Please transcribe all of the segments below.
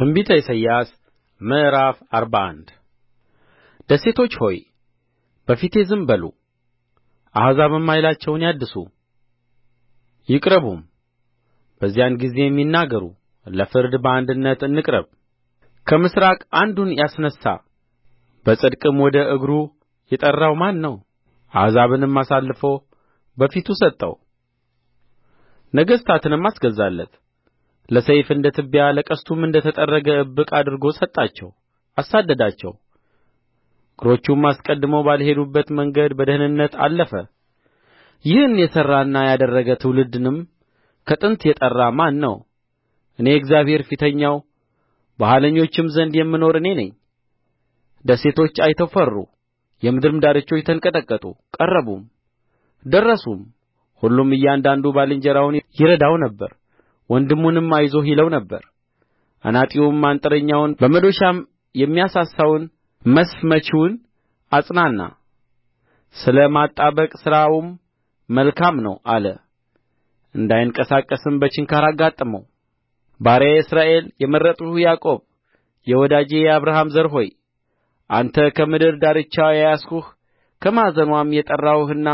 ትንቢተ ኢሳይያስ ምዕራፍ አርባ አንድ ደሴቶች ሆይ በፊቴ ዝም በሉ አሕዛብም ኃይላቸውን ያድሱ ይቅረቡም በዚያን ጊዜም ይናገሩ ለፍርድ በአንድነት እንቅረብ ከምሥራቅ አንዱን ያስነሣ በጽድቅም ወደ እግሩ የጠራው ማን ነው አሕዛብንም አሳልፎ በፊቱ ሰጠው ነገሥታትንም አስገዛለት ለሰይፍ እንደ ትቢያ ለቀስቱም እንደ ተጠረገ እብቅ አድርጎ ሰጣቸው አሳደዳቸው እግሮቹም አስቀድመው ባልሄዱበት መንገድ በደኅንነት አለፈ ይህን የሠራና ያደረገ ትውልድንም ከጥንት የጠራ ማን ነው እኔ እግዚአብሔር ፊተኛው በኋለኞችም ዘንድ የምኖር እኔ ነኝ ደሴቶች አይተው ፈሩ የምድርም ዳርቾች ተንቀጠቀጡ ቀረቡም ደረሱም ሁሉም እያንዳንዱ ባልንጀራውን ይረዳው ነበር ወንድሙንም አይዞህ ይለው ነበር አናጢውም አንጥረኛውን በመዶሻም የሚያሳሳውን መስፍመቺውን አጽናና ስለ ማጣበቅ ሥራውም መልካም ነው አለ እንዳይንቀሳቀስም በችንካር አጋጠመው ባሪያዬ እስራኤል የመረጥሁህ ያዕቆብ የወዳጄ የአብርሃም ዘር ሆይ አንተ ከምድር ዳርቻ የያዝሁህ ከማዕዘንዋም የጠራሁህና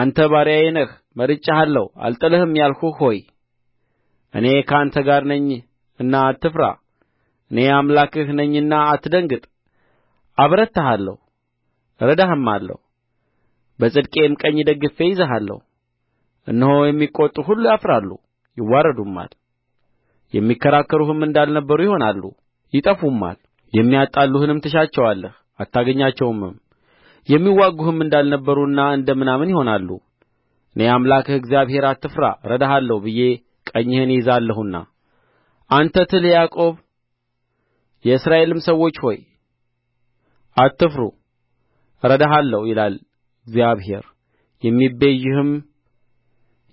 አንተ ባሪያዬ ነህ መርጬሃለሁ አልጥልህም ያልሁህ ሆይ እኔ ከአንተ ጋር ነኝና አትፍራ እኔ አምላክህ ነኝና አትደንግጥ አበረታሃለሁ እረዳህማለሁ በጽድቄም ቀኝ ደግፌ እይዝሃለሁ እነሆ የሚቈጡህ ሁሉ ያፍራሉ ይዋረዱማል የሚከራከሩህም እንዳልነበሩ ይሆናሉ ይጠፉማል የሚያጣሉህንም ትሻቸዋለህ አታገኛቸውምም የሚዋጉህም እንዳልነበሩና እንደ ምናምን ይሆናሉ እኔ አምላክህ እግዚአብሔር አትፍራ እረዳሃለሁ ብዬ ቀኝህን ይዛለሁና አንተ ትል ያዕቆብ የእስራኤልም ሰዎች ሆይ አትፍሩ እረዳሃለሁ ይላል እግዚአብሔር የሚቤዥህም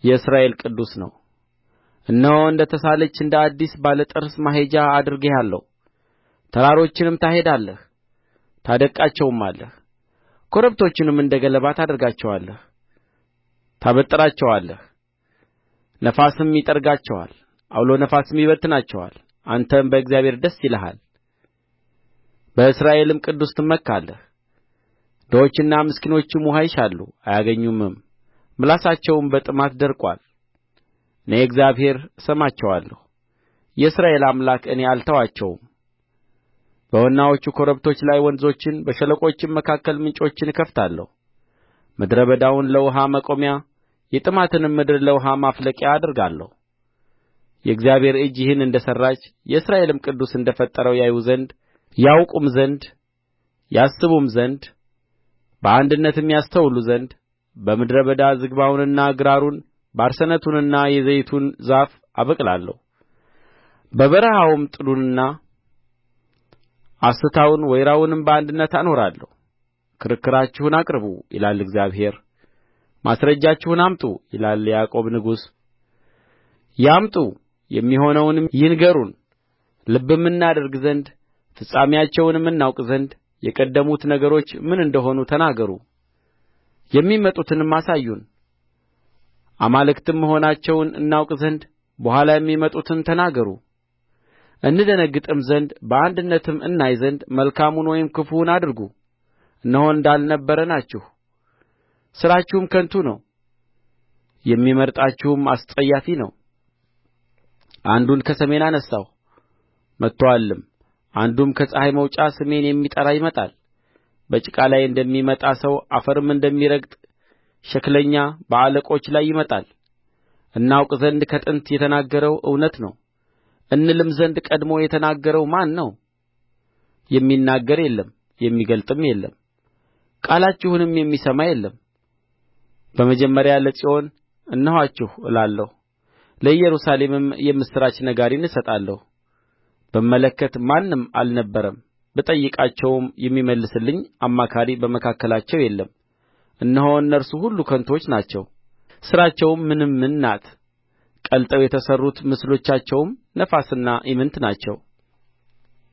የእስራኤል ቅዱስ ነው እነሆ እንደ ተሳለች እንደ አዲስ ባለ ጥርስ ማሄጃ አድርጌሃለሁ ተራሮችንም ታሄዳለህ ታደቅቃቸውማለህ ኮረብቶችንም እንደ ገለባ ታደርጋቸዋለህ ታበጥራቸዋለህ ነፋስም ይጠርጋቸዋል ዐውሎ ነፋስም ይበትናቸዋል አንተም በእግዚአብሔር ደስ ይልሃል በእስራኤልም ቅዱስ ትመካለህ ድሆችና ምስኪኖችም ውኃ ይሻሉ አያገኙምም ምላሳቸውም በጥማት ደርቋል እኔ እግዚአብሔር እሰማቸዋለሁ የእስራኤል አምላክ እኔ አልተዋቸውም በወናዎቹ ኮረብቶች ላይ ወንዞችን በሸለቆችም መካከል ምንጮችን እከፍታለሁ ምድረ በዳውን ለውኃ መቆሚያ የጥማትንም ምድር ለውኃ ማፍለቂያ አደርጋለሁ የእግዚአብሔር እጅ ይህን እንደ ሠራች የእስራኤልም ቅዱስ እንደ ፈጠረው ያዩ ዘንድ ያውቁም ዘንድ ያስቡም ዘንድ በአንድነትም ያስተውሉ ዘንድ በምድረ በዳ ዝግባውንና ግራሩን ባርሰነቱንና የዘይቱን ዛፍ አበቅላለሁ በበረሀውም ጥዱንና አስታውን ወይራውንም በአንድነት አኖራለሁ ክርክራችሁን አቅርቡ ይላል እግዚአብሔር ማስረጃችሁን አምጡ ይላል የያዕቆብ ንጉሥ ያምጡ የሚሆነውንም ይንገሩን ልብም እናደርግ ዘንድ ፍጻሜአቸውንም እናውቅ ዘንድ የቀደሙት ነገሮች ምን እንደ ሆኑ ተናገሩ የሚመጡትንም አሳዩን አማልክትም መሆናቸውን እናውቅ ዘንድ በኋላ የሚመጡትን ተናገሩ እንደነግጥም ዘንድ በአንድነትም እናይ ዘንድ መልካሙን ወይም ክፉውን አድርጉ እነሆ እንዳልነበረ ናችሁ ሥራችሁም ከንቱ ነው የሚመርጣችሁም አስጸያፊ ነው አንዱን ከሰሜን አነሣሁ መጥቶአልም አንዱም ከፀሐይ መውጫ ስሜን የሚጠራ ይመጣል በጭቃ ላይ እንደሚመጣ ሰው አፈርም እንደሚረግጥ ሸክለኛ በአለቆች ላይ ይመጣል እናውቅ ዘንድ ከጥንት የተናገረው እውነት ነው እንልም ዘንድ ቀድሞ የተናገረው ማን ነው የሚናገር የለም የሚገልጥም የለም ቃላችሁንም የሚሰማ የለም በመጀመሪያ ለጽዮን እነኋችሁ እላለሁ ለኢየሩሳሌምም የምስራች ነጋሪን እሰጣለሁ ብመለከት ማንም አልነበረም ብጠይቃቸውም የሚመልስልኝ አማካሪ በመካከላቸው የለም እነሆ እነርሱ ሁሉ ከንቱዎች ናቸው ሥራቸውም ምንምን ናት ቀልጠው የተሠሩት ምስሎቻቸውም ነፋስና ኢምንት ናቸው